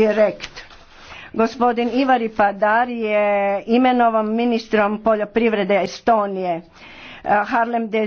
Direkt. Gospodin Ivari Padar je imenovan ministrom poljoprivrede Estonije. Harlem